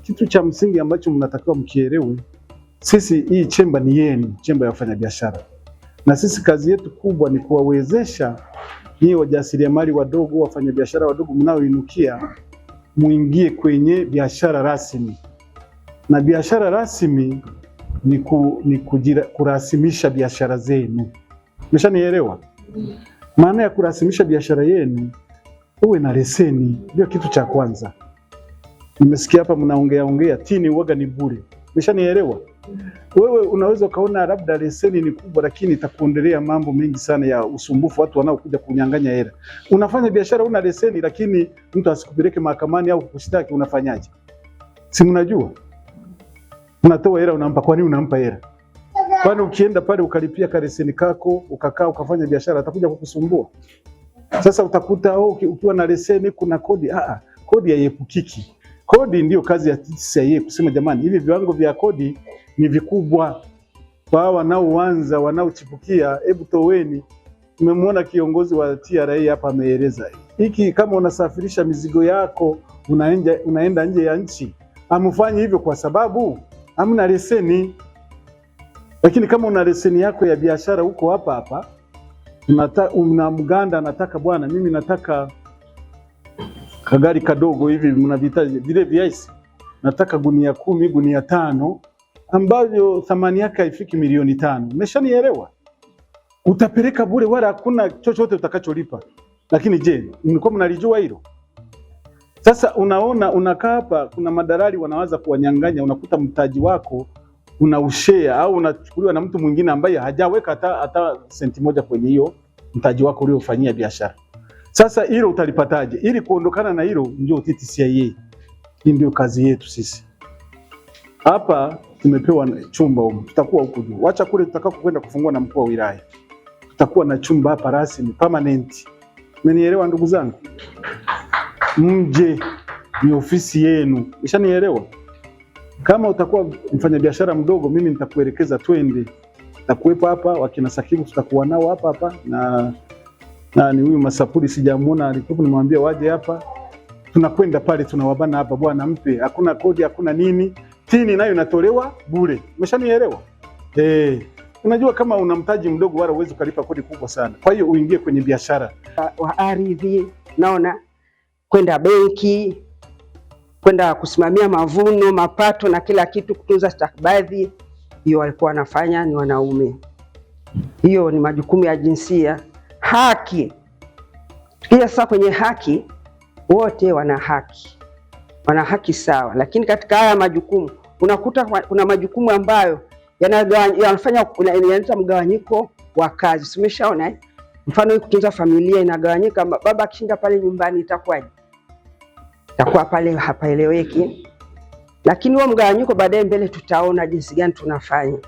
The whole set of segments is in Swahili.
Kitu cha msingi ambacho mnatakiwa mkielewe, sisi hii chemba ni yenu, chemba ya wafanyabiashara, na sisi kazi yetu kubwa ni kuwawezesha nyie wajasiriamali wadogo, wafanyabiashara wadogo mnaoinukia, muingie kwenye biashara rasmi, na biashara rasmi ni, ku, ni kujira, kurasimisha biashara zenu. Umeshanielewa? Mm. Maana ya kurasimisha biashara yenu, uwe na leseni, ndio kitu cha kwanza. Nimesikia hapa mnaongea ongea tini uoga ni bure. Umeshanielewa? Wewe unaweza ukaona labda leseni ni kubwa, lakini itakuondelea mambo mengi sana ya usumbufu, watu wanaokuja kunyang'anya hela. Unafanya biashara una leseni, lakini mtu asikupeleke mahakamani au kukushtaki, unafanyaje? Si mnajua unatoa hela unampa. Kwa nini unampa hela? Kwani ukienda pale ukalipia kaleseni kako ukakaa ukafanya biashara, atakuja kukusumbua? Sasa utakuta oh, ukiwa na leseni kuna kodi. Ah, ah kodi haiepukiki Kodi ndiyo kazi ya TCCIA kusema jamani, hivi viwango vya kodi ni vikubwa kwa wanaoanza wanaochipukia, hebu toweni. Tumemwona kiongozi wa TRA hapa ameeleza hiki, kama unasafirisha mizigo yako unaenda, unaenda nje ya nchi, amfanye hivyo kwa sababu amna leseni, lakini kama una leseni yako ya biashara huko hapa hapa, una mganda anataka bwana, mimi nataka kagari kadogo hivi mnavita vile viaisi, nataka gunia kumi, gunia tano ambavyo thamani yake haifiki milioni tano. Umeshanielewa? Utapeleka bure wala hakuna chochote utakacholipa. Lakini je, mlikuwa mnalijua hilo? Sasa unaona, unakaa hapa, kuna madalali wanawaza kuwanyang'anya. Unakuta mtaji wako una ushea au unachukuliwa na mtu mwingine ambaye hajaweka hata hata senti moja kwenye hiyo mtaji wako uliofanyia biashara. Sasa hilo utalipataje? Ili kuondokana na hilo, ndio TTCIA. Hii ndio kazi yetu sisi hapa. Tumepewa chumba huko, tutakuwa huko juu, wacha kule tutakao kwenda kufungua na mkuu wa wilaya, tutakuwa na chumba hapa rasmi permanent. Mmenielewa ndugu zangu? Mje, ni ofisi yenu, ushanielewa? Kama utakuwa mfanyabiashara mdogo, mimi nitakuelekeza twende, tutakuwepo hapa, wakina Sakibu tutakuwa nao hapa hapa na ni huyu Masapuri, sijamuona alikuwa, nimwambia waje hapa, tunakwenda pale, tunawabana hapa, bwana mpe, hakuna kodi, hakuna nini, tini nayo inatolewa bure. Umeshanielewa eh? Unajua, kama una mtaji mdogo wala uwezi ukalipa kodi kubwa sana, kwa hiyo uingie kwenye biashara wa ardhi. Naona kwenda benki, kwenda kusimamia mavuno, mapato na kila kitu, kutunza stakabadhi, hiyo walikuwa wanafanya ni wanaume. Hiyo ni majukumu ya jinsia haki. Ila sasa kwenye haki, wote wana haki, wana haki sawa, lakini katika haya majukumu unakuta kuna majukumu ambayo yanafanya yanaleta mgawanyiko wa kazi. Simeshaona eh? mfano kutunza familia inagawanyika, baba akishinda pale nyumbani itakuwaje? Itakuwa pale hapaeleweki, lakini huo mgawanyiko baadaye mbele tutaona jinsi gani tunafanya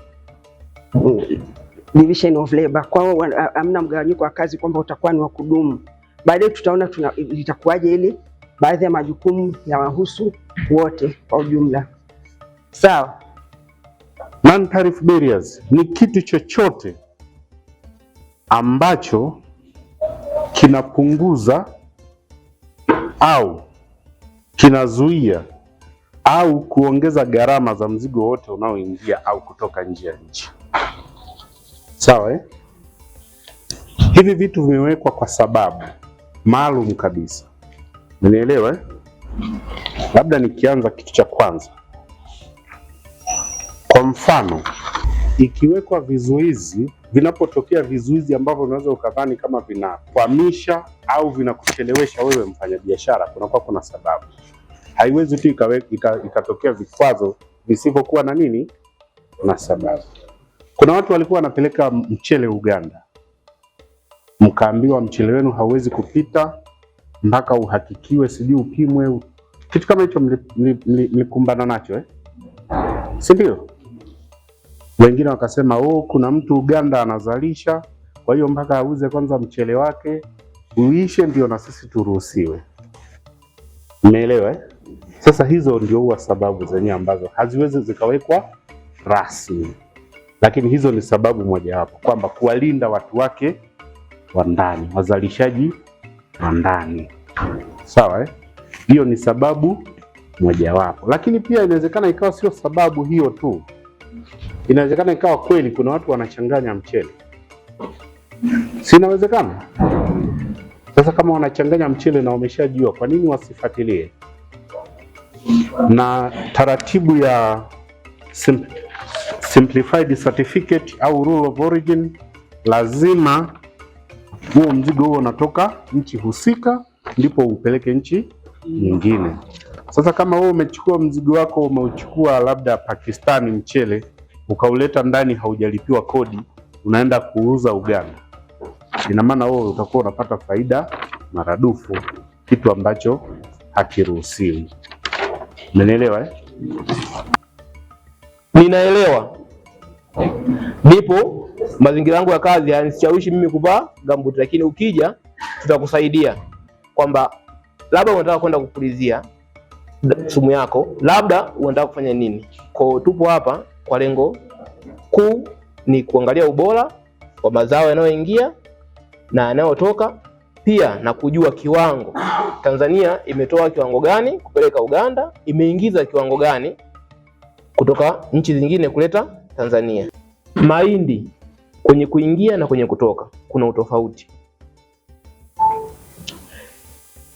division of labor. Kwa hiyo hamna mgawanyiko wa kazi kwamba utakuwa ni wa kudumu. Baadaye tutaona tuna, litakuwaje ili baadhi ya majukumu ya wahusu wote kwa ujumla. Sawa. Non tariff barriers ni kitu chochote ambacho kinapunguza au kinazuia au kuongeza gharama za mzigo wote unaoingia au kutoka nje ya nchi. Sawa eh? Hivi vitu vimewekwa kwa sababu maalum kabisa, unielewa eh? Labda nikianza kitu cha kwanza, kwa mfano ikiwekwa vizuizi, vinapotokea vizuizi ambavyo unaweza ukadhani kama vinakwamisha au vinakuchelewesha wewe mfanyabiashara, kunakuwa kuna sababu. Haiwezi tu ikatokea vikwazo visivyokuwa na nini na sababu. Kuna watu walikuwa wanapeleka mchele Uganda, mkaambiwa mchele wenu hauwezi kupita mpaka uhakikiwe, sijui upimwe, kitu kama hicho mlikumbana nacho eh? si ndio? Wengine wakasema oh, kuna mtu Uganda anazalisha, kwa hiyo mpaka auze kwanza mchele wake uishe, ndio na sisi turuhusiwe. Umeelewa eh? Sasa hizo ndio huwa sababu zenyewe ambazo haziwezi zikawekwa rasmi. Lakini hizo ni sababu mojawapo, kwamba kuwalinda watu wake wa ndani, wazalishaji wa ndani. Sawa eh? Hiyo ni sababu mojawapo, lakini pia inawezekana ikawa sio sababu hiyo tu. Inawezekana ikawa kweli kuna watu wanachanganya mchele, inawezekana? sasa. Kama wanachanganya mchele na wameshajua, kwa nini wasifuatilie na taratibu ya simple simplified certificate au rule of origin, lazima huo mzigo huo unatoka nchi husika, ndipo upeleke nchi nyingine. Sasa kama wewe umechukua mzigo wako umeuchukua labda Pakistani mchele ukauleta ndani, haujalipiwa kodi, unaenda kuuza Uganda, ina maana wewe utakuwa unapata faida maradufu, kitu ambacho hakiruhusiwi. Umeelewa eh? Ninaelewa. Ndipo mazingira yangu ya kazi yanishawishi mimi kuvaa gambuti, lakini ukija tutakusaidia kwamba labda unataka kwenda kupulizia sumu yako, labda unataka kufanya nini. Kwa tupo hapa kwa lengo kuu ni kuangalia ubora wa mazao yanayoingia na yanayotoka, pia na kujua kiwango. Tanzania imetoa kiwango gani kupeleka Uganda, imeingiza kiwango gani kutoka nchi zingine kuleta Tanzania. Mahindi kwenye kuingia na kwenye kutoka kuna utofauti.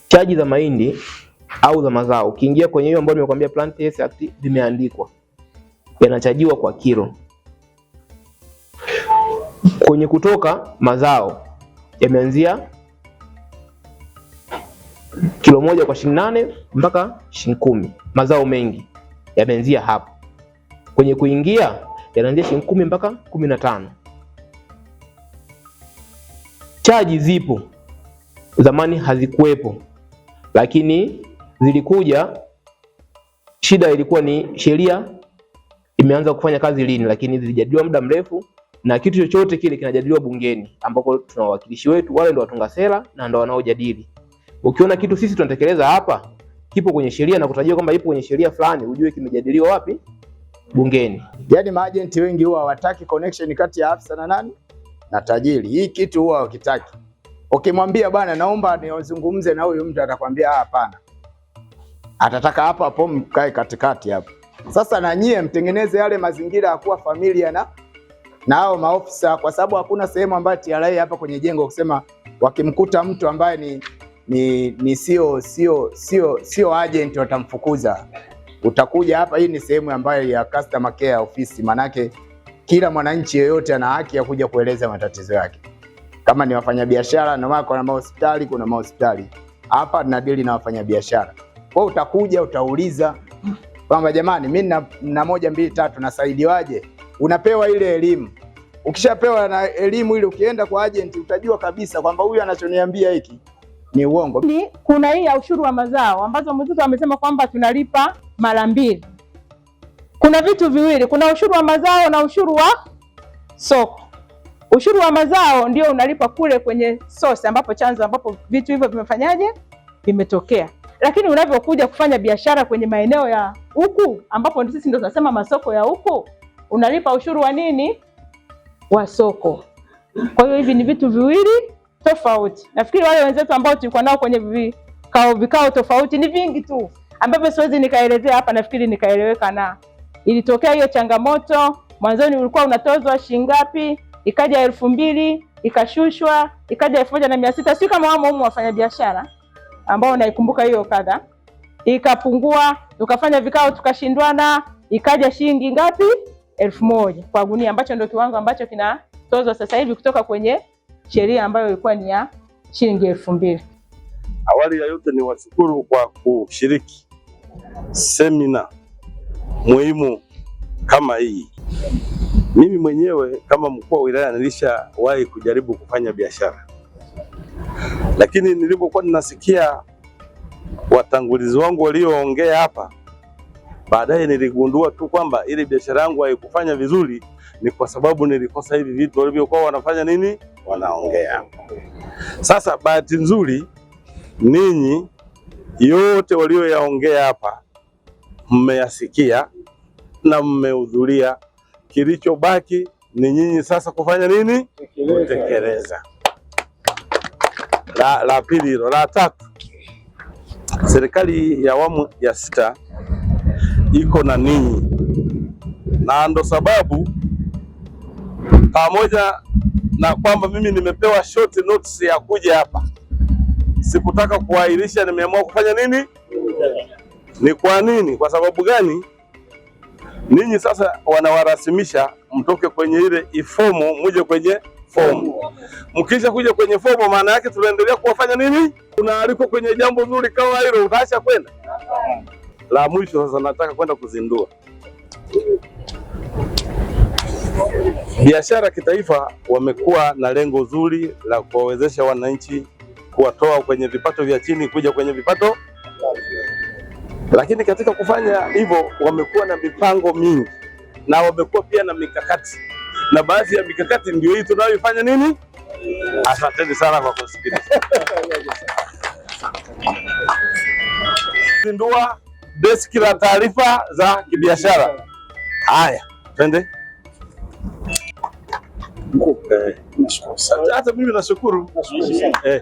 Chaji za mahindi au za mazao, ukiingia kwenye hiyo ambayo nimekuambia Plant Act vimeandikwa, yanachajiwa kwa kilo. Kwenye kutoka mazao yameanzia kilo moja kwa shilingi nane mpaka shilingi kumi. Mazao mengi yameanzia hapo. Kwenye kuingia yanaanzia shilingi kumi mpaka kumi na tano. Chaji zipo, zamani hazikuwepo, lakini zilikuja. Shida ilikuwa ni sheria imeanza kufanya kazi lini, lakini zilijadiliwa muda mrefu, na kitu chochote kile kinajadiliwa bungeni, ambako tuna wawakilishi wetu, wale ndo watunga sera na ndo wanaojadili. Ukiona kitu sisi tunatekeleza hapa kipo kwenye sheria na kutajia kwamba ipo kwenye sheria fulani, ujue kimejadiliwa wapi bungeni. Yaani maajenti wengi huwa hawataki connection kati ya afisa na nani na tajiri. Hii kitu huwa hawakitaki. Ukimwambia okay, bwana, naomba niwazungumze na huyu mtu, atakwambia ah, hapana, atataka hapo hapo mkae katikati hapo. Sasa na nyie mtengeneze yale mazingira ya kuwa familia na na hao maofisa, kwa sababu hakuna sehemu ambayo TRA hapa kwenye jengo kusema wakimkuta mtu ambaye ni ni, ni sio sio sio sio agent watamfukuza. Utakuja hapa, hii ni sehemu ambayo ya customer care ofisi, manake kila mwananchi yeyote ana haki ya kuja kueleza matatizo yake. Kama ni wafanyabiashara na wako na mahospitali, kuna mahospitali hapa tunadili na wafanyabiashara. Kwa utakuja utauliza kwamba jamani, mimi na moja mbili tatu nasaidiwaje? Unapewa ile elimu. Ukishapewa na elimu ile, ukienda kwa agent utajua kabisa kwamba huyu anachoniambia hiki ni uongo. kuna hii ya ushuru wa mazao ambazo mwenzetu amesema kwamba tunalipa mara mbili. Kuna vitu viwili, kuna ushuru wa mazao na ushuru wa soko. Ushuru wa mazao ndio unalipa kule kwenye source ambapo chanzo ambapo vitu hivyo vimefanyaje, vimetokea. Lakini unavyokuja kufanya biashara kwenye maeneo ya huku ambapo sisi ndio tunasema masoko ya huku, unalipa ushuru wa nini? Wa soko. Kwa hiyo hivi ni vitu viwili tofauti. Nafikiri wale wenzetu ambao tulikuwa nao kwenye vikao vikao tofauti ni vingi tu ambavyo siwezi nikaelezea hapa, nafikiri nikaeleweka. Na ilitokea hiyo changamoto, mwanzoni ulikuwa unatozwa shilingi ngapi, ikaja elfu mbili ikashushwa, ikaja elfu moja na mia sita si kama wamo umu wafanyabiashara ambao naikumbuka hiyo kadha, ikapungua, tukafanya vikao, tukashindwana, ikaja shilingi ngapi? elfu moja kwa gunia, ambacho ndio kiwango ambacho kinatozwa sasa hivi kutoka kwenye sheria ambayo ilikuwa ni ya shilingi elfu mbili. Awali ya yote ni washukuru kwa kushiriki semina muhimu kama hii. Mimi mwenyewe kama mkuu wa wilaya nilishawahi kujaribu kufanya biashara, lakini nilipokuwa ninasikia watangulizi wangu walioongea hapa, baadaye niligundua tu kwamba ile biashara yangu haikufanya vizuri, ni kwa sababu nilikosa hivi vitu walivyokuwa wanafanya nini, wanaongea. Sasa bahati nzuri ninyi yote walioyaongea hapa mmeyasikia na mmehudhuria. Kilichobaki ni nyinyi sasa kufanya nini? Kutekeleza. La, la pili hilo. La tatu, serikali ya awamu ya sita iko na ninyi, na ndo sababu pamoja na kwamba mimi nimepewa short notice ya kuja hapa sikutaka kuahirisha, nimeamua kufanya nini? Ni kwa nini? Kwa sababu gani? Ninyi sasa wanawarasimisha mtoke kwenye ile ifomo muje kwenye fomu. Mkisha kuja kwenye fomu, maana yake tunaendelea kuwafanya nini? Tunaalikwa kwenye jambo zuri kama hilo, utaacha kwenda? La mwisho sasa, nataka kwenda kuzindua biashara kitaifa. Wamekuwa na lengo zuri la kuwawezesha wananchi kuwatoa kwenye vipato vya chini kuja kwenye vipato, lakini katika kufanya hivyo wamekuwa na mipango mingi na wamekuwa pia na mikakati, na baadhi ya mikakati ndio hii tunayoifanya nini. Asanteni sana kwa kusikiliza. Zindua deski la taarifa za kibiashara. Haya, twende. Eh, Hata mimi nashukuru. Eh.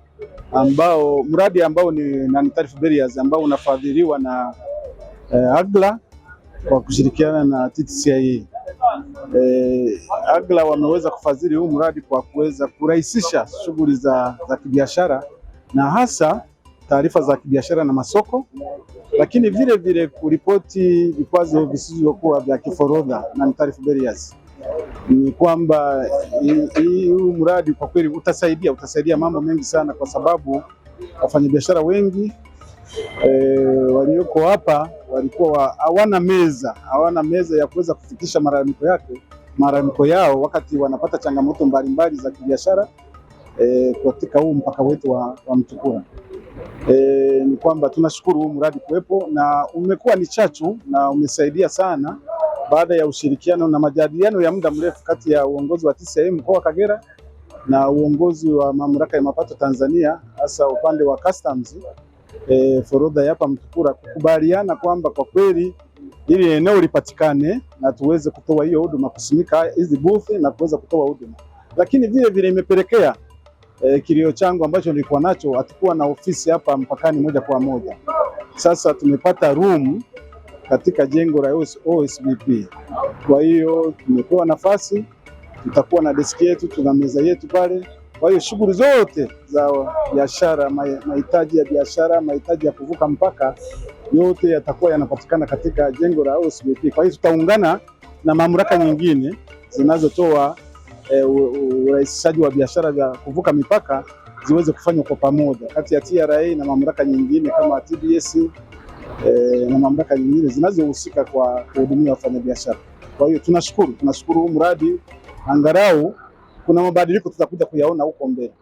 ambao mradi ambao ni non-tariff barriers ambao unafadhiliwa na eh, Agla kwa kushirikiana na TTCIA. Eh, Agla wameweza kufadhili huu mradi kwa kuweza kurahisisha shughuli za, za kibiashara na hasa taarifa za kibiashara na masoko, lakini vile vile kuripoti vikwazo visivyokuwa vya kiforodha na non-tariff barriers ni kwamba huu mradi kwa kweli utasaidia utasaidia mambo mengi sana, kwa sababu wafanyabiashara wengi e, walioko hapa walikuwa hawana meza hawana meza ya kuweza kufikisha malalamiko yake malalamiko yao wakati wanapata changamoto mbalimbali za kibiashara e, katika huu mpaka wetu wa, wa Mtukura. E, eh, ni kwamba tunashukuru huu mradi kuwepo na umekuwa ni chachu na umesaidia sana baada ya ushirikiano na majadiliano ya muda mrefu kati ya uongozi wa TCCIA mkoa wa Kagera na uongozi wa mamlaka ya mapato Tanzania hasa upande wa customs e, forodha hapa Mtukura, kukubaliana kwamba kwa kweli ili eneo lipatikane na tuweze kutoa hiyo huduma, kusimika hizi buthi na kuweza kutoa huduma, lakini vile vile imepelekea e, kilio changu ambacho nilikuwa nacho, hatukuwa na ofisi hapa mpakani moja kwa moja. Sasa tumepata room katika jengo la OSBP. Kwa hiyo tumepewa nafasi, tutakuwa na deski yetu, tuna meza yetu pale. Kwa hiyo shughuli zote za biashara, mahitaji ya biashara, mahitaji ya kuvuka mpaka, yote yatakuwa yanapatikana katika jengo la OSBP. Kwa hiyo tutaungana na mamlaka nyingine zinazotoa e, urahisishaji wa biashara za kuvuka mipaka ziweze kufanywa kwa pamoja kati ya TRA na mamlaka nyingine kama TBS e, na mamlaka nyingine zinazohusika kwa kuhudumia wafanyabiashara. Kwa hiyo tunashukuru, tunashukuru huu mradi angalau kuna mabadiliko tutakuja kuyaona huko mbele.